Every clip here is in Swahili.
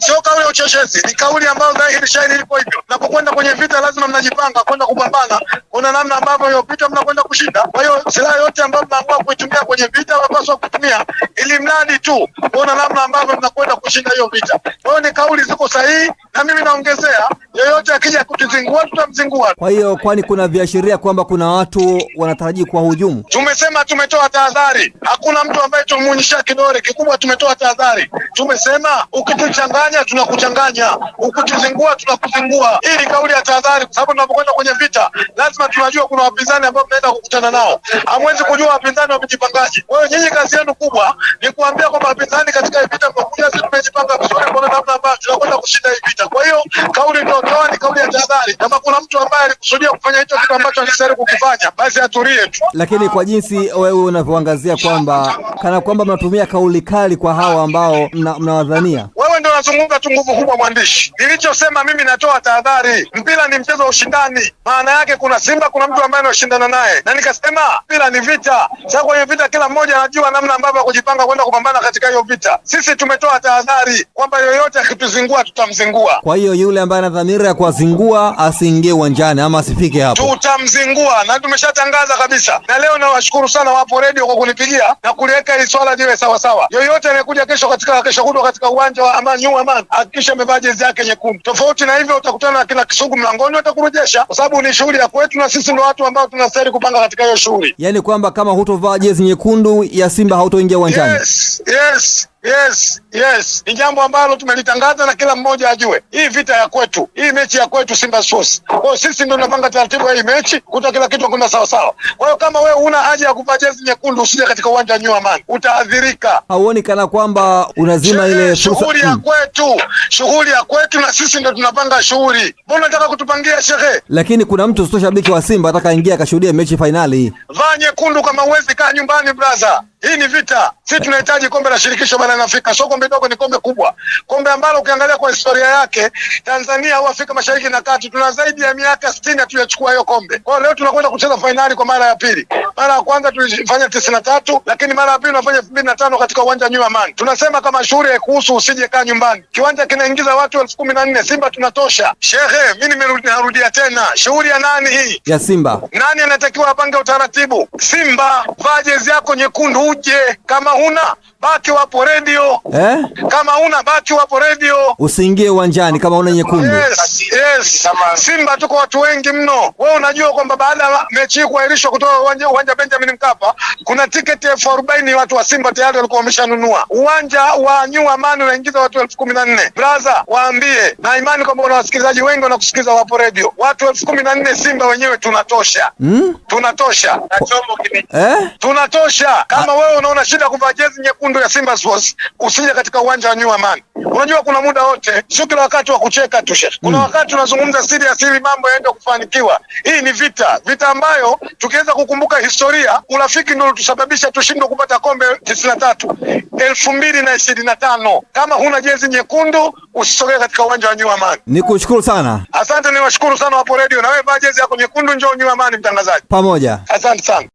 Sio kauli ya uchochezi, ni kauli ambayo dhahiri shahiri ilipo hivyo. Mnapokwenda kwenye vita, lazima mnajipanga kwenda kupambana. Kuna namna ambavyo hiyo vita mnakwenda kushinda. Kwa hiyo silaha yote ambayo mnaamua kuitumia kwenye vita, mnapaswa kutumia ili mradi tu kuona namna ambavyo mnakwenda kushinda hiyo vita. Kwa hiyo ni kauli ziko sahihi, na mimi naongezea, yoyote akija kutuzingua tutamzingua. Kwa hiyo, kwani kuna viashiria kwamba kuna watu wanataraji kwa hujumu? Tumesema tumetoa tahadhari, hakuna mtu ambaye tumuonyesha kidole kikubwa. Tumetoa tahadhari, tumesema ukituchanganya tunakuchanganya, ukituzingua tunakuzingua. Hii ni kauli ya tahadhari, kwa sababu tunapokwenda kwenye vita lazima tunajua kuna wapinzani ambao tunaenda kukutana nao. Hamwezi kujua wapinzani wamejipangaje. Kwa hiyo nyinyi kazi yenu kubwa ni kuambia kwa wapinzani katika vita kwa kuja, sisi tumejipanga vizuri kwa namna ambayo tunakwenda kushinda hii vita. Kwa hiyo kauli tunayotoa ni kauli ya tahadhari. Kama kuna mtu ambaye alikusudia kufanya hicho kitu ambacho alisahau kukifanya, basi atulie tu. Lakini kwa jinsi wewe unavyoangazia kwamba kana kwamba mnatumia kauli kali kwa hawa ambao mnawadhania mna anazungumza tu nguvu kubwa mwandishi. Nilichosema mimi natoa tahadhari, mpira ni mchezo wa ushindani, maana yake kuna Simba, kuna mtu ambaye anashindana naye, na nikasema mpira ni vita. Sasa kwa hiyo vita, kila mmoja anajua namna ambavyo kujipanga kwenda kupambana katika hiyo vita. Sisi tumetoa tahadhari kwamba yoyote akituzingua tutamzingua. Kwa hiyo yule ambaye ana dhamira ya kuwazingua asiingie uwanjani ama asifike hapo, tutamzingua na tumeshatangaza kabisa. Na leo nawashukuru sana Wapo Redio kwa kunipigia na kuliweka hili swala liwe sawasawa. Yoyote anayekuja kesho katika kesho kutwa katika uwanja wa Amani nyuma bana, hakikisha amevaa jezi yake nyekundu. Tofauti na hivyo utakutana na kina Kisugu mlangoni, watakurejesha kwa sababu ni shughuli ya kwetu, na sisi ndo watu ambao tunastahili kupanga katika hiyo shughuli. Yaani kwamba kama hutovaa jezi nyekundu ya Simba hautoingia uwanjani. Yes, yes. Yes, yes, ni jambo ambalo tumelitangaza na kila mmoja ajue, hii vita ya kwetu, hii mechi ya kwetu Simba Sports. Kwa hiyo sisi ndio tunapanga taratibu ya hii mechi, kuta kila kitu kuna sawa sawa. Kwa hiyo kama wewe una haja ya kuvaa jezi nyekundu, usije katika uwanja wa New utaadhirika. Hauoni kana kwamba unazima ile shughuli ya mm. kwetu, shughuli ya kwetu, na sisi ndio tunapanga shughuli. Mbona unataka kutupangia shehe? Lakini kuna mtu sio shabiki wa Simba atakaingia akashuhudia mechi finali. vaa nyekundu kama uwezi, kaa nyumbani brother. Hii ni vita. Sisi tunahitaji kombe la shirikisho barani Afrika, sio kombe dogo, ni kombe kubwa, kombe ambalo ukiangalia kwa historia yake Tanzania au Afrika Mashariki na Kati, tuna zaidi ya miaka sitini hatujachukua hiyo kombe. Kwa hiyo leo tunakwenda kucheza fainali kwa mara ya pili mara ya kwanza tulifanya tisini na tatu, lakini mara ya pili tunafanya elfu mbili na tano katika uwanja wa Amaan. Tunasema kama shughuli haikuhusu usije kaa nyumbani. Kiwanja kinaingiza watu elfu kumi na nne. Simba tunatosha. Shehe, mi nimerudia tena, shughuli ya nani hii ya Simba? Nani anatakiwa apange utaratibu? Simba, vaa jezi yako nyekundu, uje. Kama huna baki wapo redio eh? Kama una baki wapo redio, usiingie uwanjani kama una nyekundu. Yes, yes. Simba tuko watu wengi mno. Wewe unajua kwamba baada ya mechi kuahirishwa kutoka uwanja uwanja Benjamin Mkapa kuna tiketi elfu arobaini watu wa Simba tayari walikuwa wameshanunua. Uwanja wa New Amani unaingiza watu elfu kumi na nne Braza, waambie na imani kwamba una wasikilizaji wengi wanakusikiliza, wapo redio, watu elfu kumi na nne Simba wenyewe tunatosha, mm? tunatosha na chombo kime eh? tunatosha. Ah. Kama wewe unaona shida kuvaa jezi nyekundu ya Simba Sports, usije katika uwanja wa New Amani. Unajua kuna muda wote, sio kila wakati wa kucheka tu shekhi. Kuna hmm. wakati tunazungumza siri ya siri, mambo yaende kufanikiwa. Hii ni vita, vita ambayo tukiweza kukumbuka historia historia, urafiki ndio ulitusababisha tushindwe kupata kombe 93 tatu elfu mbili na ishirini na tano. Kama huna jezi nyekundu usisogee katika uwanja wa New Amani. Nikushukuru sana, asante. Niwashukuru sana wapo redio, na wewe vaa jezi yako nyekundu, njoo New Amani, mtangazaji pamoja. Asante sana.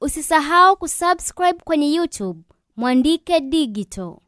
Usisahau kusubscribe kwenye YouTube Mwandike Digital.